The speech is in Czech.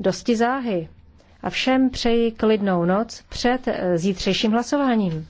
dosti záhy. A všem přeji klidnou noc před eh, zítřejším hlasováním.